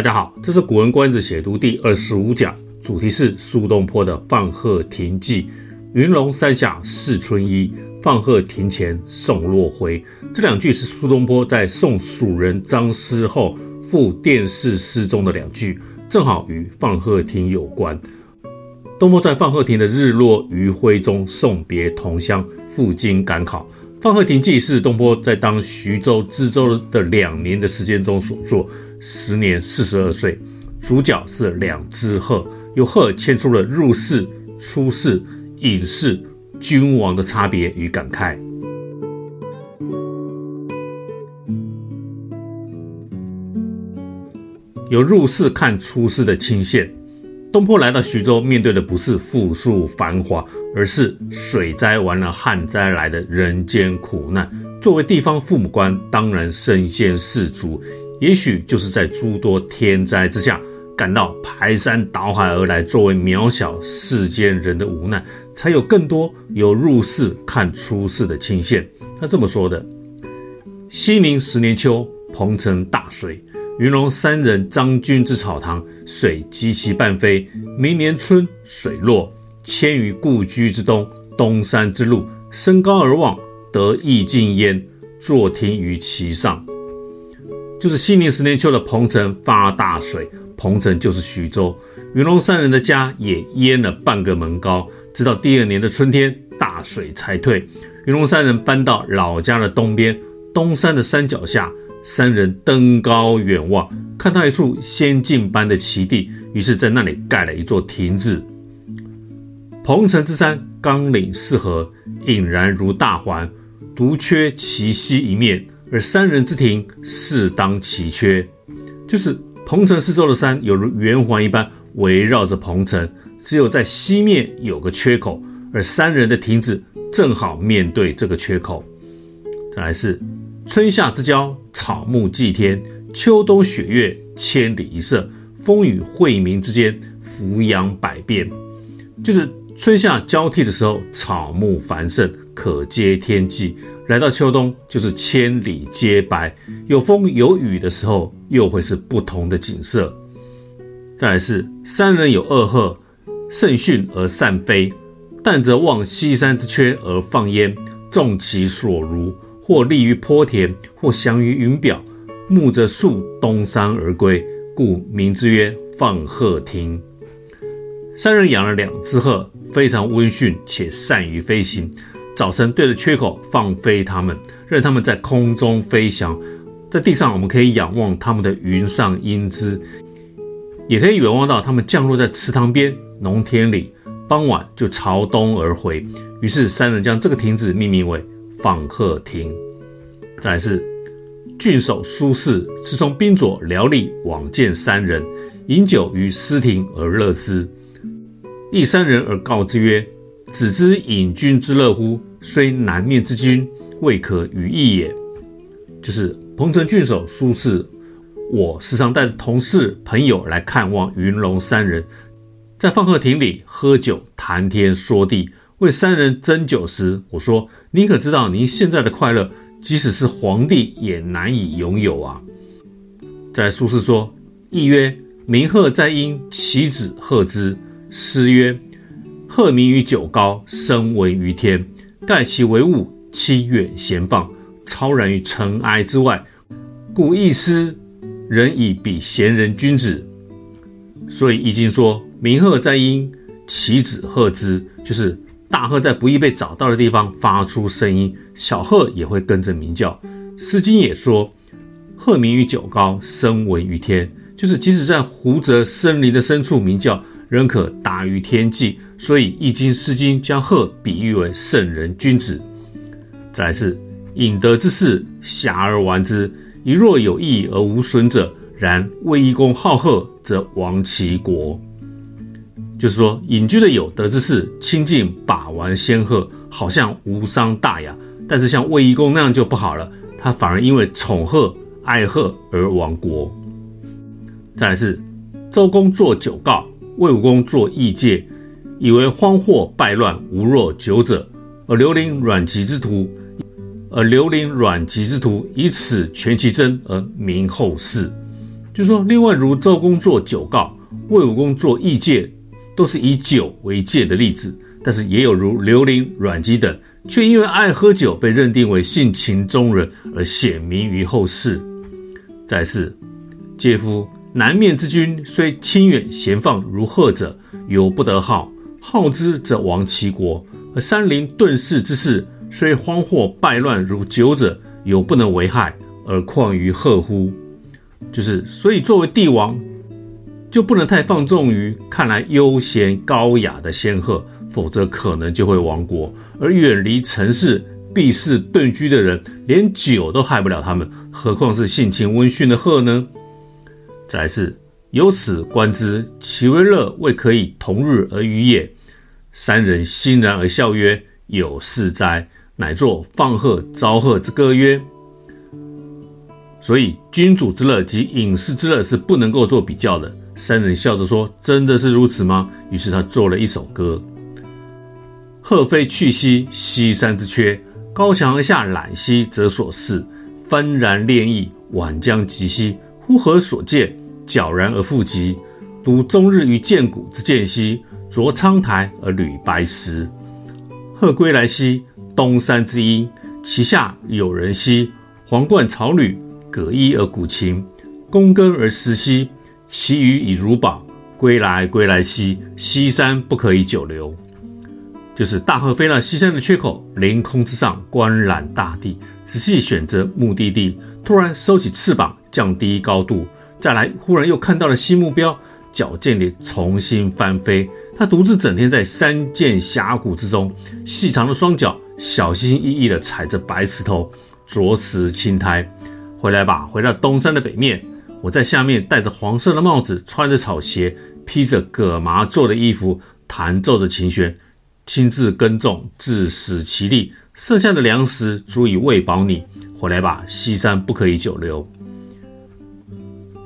大家好，這是《古文觀止》寫讀第二十五講，主題是蘇東坡的《放鶴亭記》。雲龍山下試春衣，放鶴亭前送落暉。這兩句是蘇東坡在送蜀人張師厚赴殿試詩中的兩句，正好與放鶴亭有關。東坡在放鶴亭的日落餘暉中送別同鄉，赴京趕考。《放鶴亭記》是東坡在當徐州知州的兩年的時間中所作。時年四十二歲，主角是兩隻鶴，由鶴牽出了入世、出世、隱世、君王的差別與感慨。由入世看出世的欽羨，東坡來到徐州，面對的不是富庶繁華，而是水災完了旱災來的人間苦難。作為地方父母官，當然身先士卒。也許就是在諸多天災之下，感到排山倒海而來，作為渺小世間人的無奈，才有更多由入世看出世的欽羨。他這麼說的：熙寧十年秋，彭城大水，雲龍山人張君之草堂，水及其半扉，明年春，水落，遷於故居之東，東山之麓。升高而望，得異境焉，作亭於其上。就是熙寧十年秋的彭城發大水，彭城就是徐州。雲龍山人的家也淹了半個門高，直到第二年的春天，大水才退。雲龍山人搬到老家的東邊，東山的山腳下。山人登高遠望，看到一處仙境般的奇地，於是在那裡蓋了一座亭子。彭城之山，岡嶺四合，隱然如大環，獨缺其西一面。而山人之亭，適當其缺。就是彭城四周的山，猶如圓環一般圍繞着彭城，只有在西面有個缺口，而山人的亭子正好面對這個缺口。再來是春夏之交，草木際天，秋冬雪月千里一色，風雨晦明之間，俯仰百變。就是春夏交替的時候，草木繁盛，可接天際。來到秋冬，就是千里皆白；有風有雨的時候，又會是不同的景色。再來是：山人有二鶴，甚馴而善飛，旦則望西山之缺而放焉，縱其所如，或立於陂田，或翔於雲表，暮則傃東山而歸，故名之曰放鶴亭。山人養了兩隻鶴，非常溫馴且善於飛行。早晨對着缺口放飛它們，任它們在空中飛翔，在地上我們可以仰望它們的雲上英姿，也可以遠望到它們降落在池塘邊、農田裡。傍晚就朝東而回。於是山人將這個亭子命名為“放鶴亭”。再來是郡守蘇軾，是從賓佐僚吏往見山人，飲酒於斯亭而樂之，揖山人而告之曰：“子知隱居之樂乎？”雖南面之君，未可與易也。就是彭城郡守蘇軾，我時常帶着同事朋友來看望雲龍山人，在放鶴亭裡喝酒談天說地。為山人斟酒時，我說：“您可知道，您現在的快樂，即使是皇帝也難以擁有啊？”在蘇軾說：“易曰，鳴鶴在陰，其子和之。詩曰：‘鶴鳴於九皋，聲聞於天。’”蓋其為物，清遠閒放，超然於塵埃之外，故《易》、《詩》人以比賢人君子。所以《易經》說：“鳴鶴在陰，其子和之。”就是大鶴在不易被找到的地方發出聲音，小鶴也會跟着鳴叫。《詩經》也說：“鶴鳴於九皋，聲聞於天。”就是即使在湖澤森林的深處鳴叫，仍可達於天際。所以，《易經》《詩經》將鶴比喻為聖人君子。再來是，隱德之士，狎而玩之，以若有益而無損者。然衛懿公好鶴，則亡其國。就是說，隱居的有德之士親近把玩仙鶴，好像無傷大雅；但是像衛懿公那樣就不好了，他反而因為寵鶴愛鶴而亡國。再來是，周公作《酒誥》，衛武公作《抑戒》。以為荒惑敗亂無若酒者，而劉伶阮籍之徒，而劉伶阮籍之徒以此全其真而名後世。就說，另外如周公作酒誥，衛武公作抑戒，都是以酒為戒的例子。但是也有如劉伶阮籍等，卻因為愛喝酒被認定為性情中人而顯名於後世。再是，嗟夫！南面之君雖清遠閒放如鶴者，猶不得好。好之則亡其國，而山林遁世之士，雖荒惑敗亂如酒者，猶不能為害，而況於鶴乎？就是，所以作為帝王，就不能太放縱於看來悠閒高雅的仙鶴，否則可能就會亡國。而遠離塵世、避世遁居的人，連酒都害不了他們，何況是性情溫馴的鶴呢？再來是。由此觀之，其為樂未可以同日而語也。三人欣然而笑曰：“有是哉！”乃作放鶴招鶴之歌曰：“所以君主之樂及隱士之樂是不能夠做比較的。”三人笑着說：“真的是如此嗎？”於是他做了一首歌：“鶴飛去兮，西山之缺；高翔而下覽兮，則所視；翻然戀意，晚將集兮，夫何所見？”皎然而復極，獨終日於澗谷之間兮，濯蒼苔而履白石。鶴歸來兮，東山之陰，其下有人兮，黃冠草履，葛衣而鼓琴。躬耕而食兮，其餘以汝飽。歸來歸來兮，西山不可以久留。就是大鶴飛到西山的缺口，凌空之上，觀覽大地，仔細選擇目的地，突然收起翅膀，降低高度。再來，忽然又看到了新目標，矯健地重新翻飛。他獨自整天在山澗峽谷之中，細長的雙腳小心翼翼地踩着白石頭，啄食青苔。回來吧，回到東山的北面。我在下面戴着黃色的帽子，穿着草鞋，披着葛麻做的衣服，彈奏着琴弦，親自耕種，自食其力。剩下的糧食足以餵飽你。回來吧，西山不可以久留。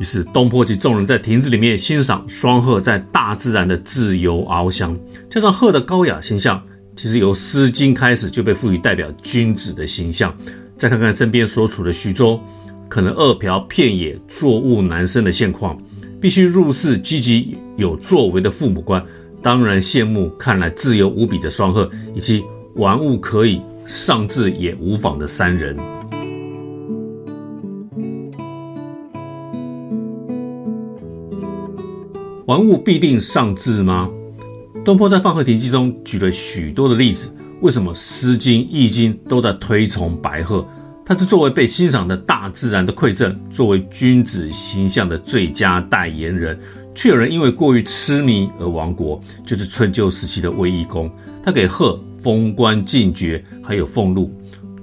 於是，東坡及眾人在亭子裡面欣賞雙鶴在大自然的自由翱翔，加上鶴的高雅形象，其實由《詩經》開始就被賦予代表君子的形象。再看看身邊所處的徐州，可能餓莩遍野，作物難生的現況，必須入世積極有作為的父母官，當然羨慕看來自由無比的雙鶴，以及玩物可以，喪志也無妨的三人。玩物必定喪志嗎？東坡在《放鶴亭記》中舉了許多的例子。為什麼《詩經》《易經》都在推崇白鶴？它是作為被欣賞的大自然的饋贈，作為君子形象的最佳代言人。卻有人因為過於痴迷而亡國，就是春秋時期的衛懿公。他給鶴封官進爵，還有俸祿。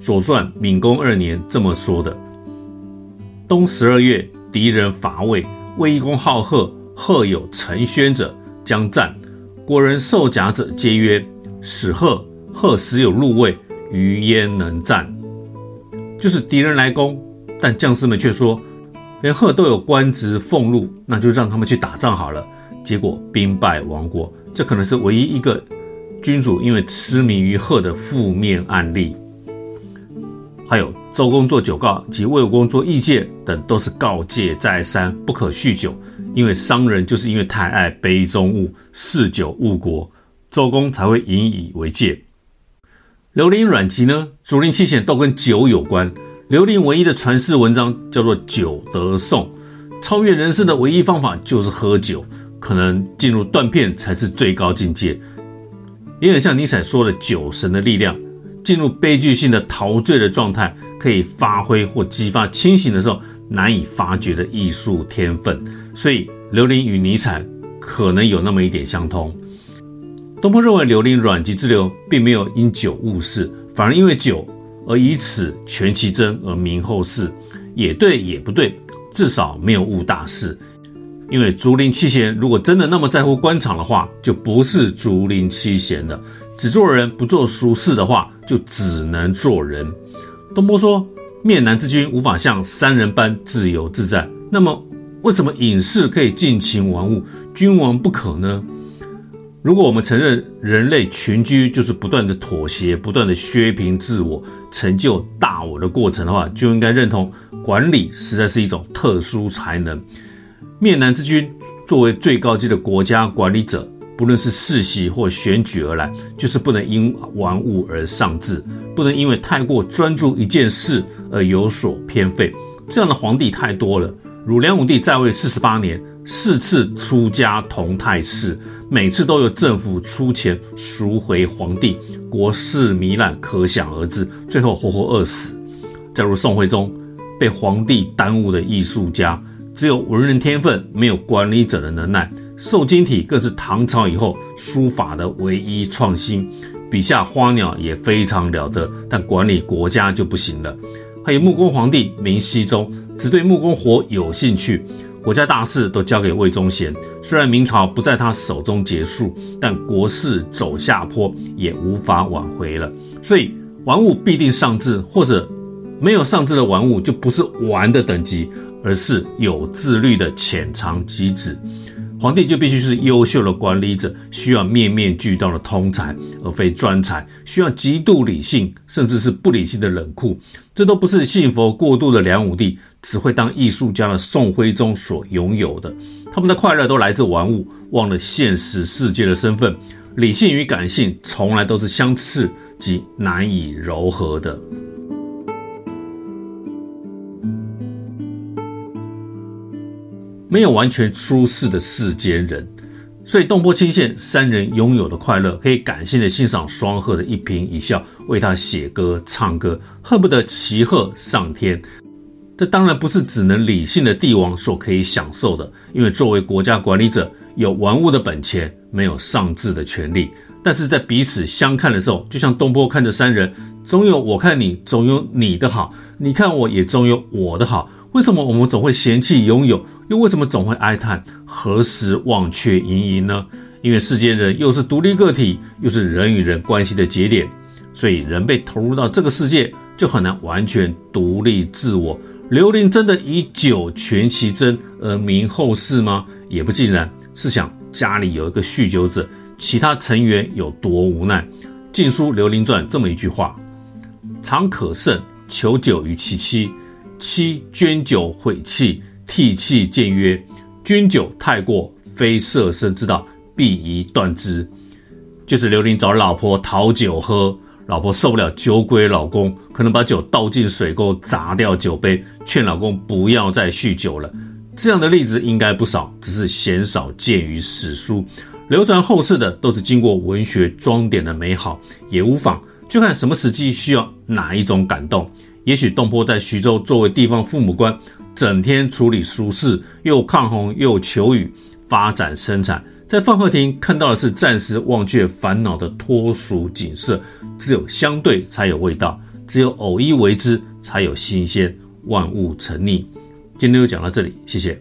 《左傳》閔公二年這麼說的：“冬十二月，敵人伐衛，衛懿公好鶴。”鶴有乘軒者將戰，國人受甲者皆曰：“使鶴鶴實有祿位，余焉能戰？”就是敵人來攻，但將士們卻說：“連鶴都有官職俸祿，那就讓他們去打仗好了。”結果兵敗亡國。這可能是唯一一個君主因為痴迷於鶴的負面案例。還有周公作酒誥，及衛武公作抑戒等，都是告誡再三，不可酗酒。因為商人就是因為太愛杯中物，嗜酒誤國，周公才會引以為戒。劉伶、阮籍呢，竹林七賢都跟酒有關。劉伶唯一的傳世文章叫做《酒德頌》，超越人生的唯一方法就是喝酒，可能進入斷片才是最高境界。也很像尼采說的酒神的力量，進入悲劇性的陶醉的狀態，可以發揮或激發清醒的時候難以發掘的藝術天分，所以劉伶與尼采可能有那麼一點相通。東坡認為劉伶阮籍之流並沒有因酒誤事，反而因為酒而以此全其真而名後世，也對也不對，至少沒有誤大事。因為竹林七賢如果真的那麼在乎官場的話，就不是竹林七賢了。只做人不做俗事的話，就只能做人。東坡說。面南之君無法像山人般自由自在，那麼為什麼隱士可以盡情玩物，君王不可呢？如果我們承認人類群居就是不斷的妥協、不斷的削平自我、成就大我的過程的話，就應該認同管理實在是一種特殊才能。面南之君作為最高級的國家管理者。不論是世襲或選舉而來，就是不能因玩物而喪志，不能因為太過專注一件事而有所偏廢。這樣的皇帝太多了。如梁武帝在位四十八年，四次出家同泰寺，每次都由政府出錢贖回皇帝，國事糜爛可想而知，最後活活餓死。再如宋徽宗，被皇帝耽誤的藝術家，只有文人天分，沒有管理者的能耐。瘦金體更是唐朝以後書法的唯一創新，筆下花鳥也非常了得，但管理國家就不行了。還有木工皇帝明熹宗，只對木工活有興趣，國家大事都交給魏忠賢。雖然明朝不在他手中結束，但國事走下坡也無法挽回了。所以玩物必定喪志，或者沒有喪志的玩物就不是玩的等級，而是有自律的潛藏機制。皇帝就必須是優秀的管理者，需要面面俱到的通才而非專才，需要極度理性甚至是不理性的冷酷，這都不是信佛過度的梁武帝、只會當藝術家的宋徽宗所擁有的。他們的快樂都來自玩物，忘了現實世界的身份。理性與感性從來都是相斥及難以糅合的。沒有完全出世的世間人，所以東坡欽羨山人擁有的快樂，可以感性的欣賞雙鶴的一顰一笑，為他寫歌、唱歌，恨不得騎鶴上天。這當然不是只能理性的帝王所可以享受的，因為作為國家管理者，有玩物的本錢，沒有喪志的權力。但是在彼此相看的時候，就像東坡看着山人，總有我看你，總有你的好，你看我也總有我的好。為什麼我們總會嫌棄擁有？又為什麼總會哀嘆何時忘卻營營呢？因為世間人又是獨立個體，又是人與人關係的節點，所以人被投入到這個世界，就很難完全獨立自我。劉伶真的以酒全其真而名後世嗎？也不盡然。試想，家裡有一個酗酒者，其他成員有多無奈？《晉書·劉伶傳》這麼一句話：“常渴甚，求酒於其妻。”妻捐酒毀器，涕泣諫曰：“君酒太過，非攝生之道，必宜斷之。”就是劉伶找老婆討酒喝，老婆受不了酒鬼老公，可能把酒倒進水溝，砸掉酒杯，勸老公不要再酗酒了。這樣的例子應該不少，只是鮮少見於史書，流傳後世的都是經過文學裝點的美好，也無妨，就看什麼時機需要哪一種感動。也許東坡在徐州作為地方父母官，整天處理俗事，又抗洪又求雨，發展生產。在放鶴亭看到的是暫時忘卻煩惱的脫俗景色。只有相對才有味道，只有偶一為之才有新鮮。萬物成立。今天就講到這裡，謝謝。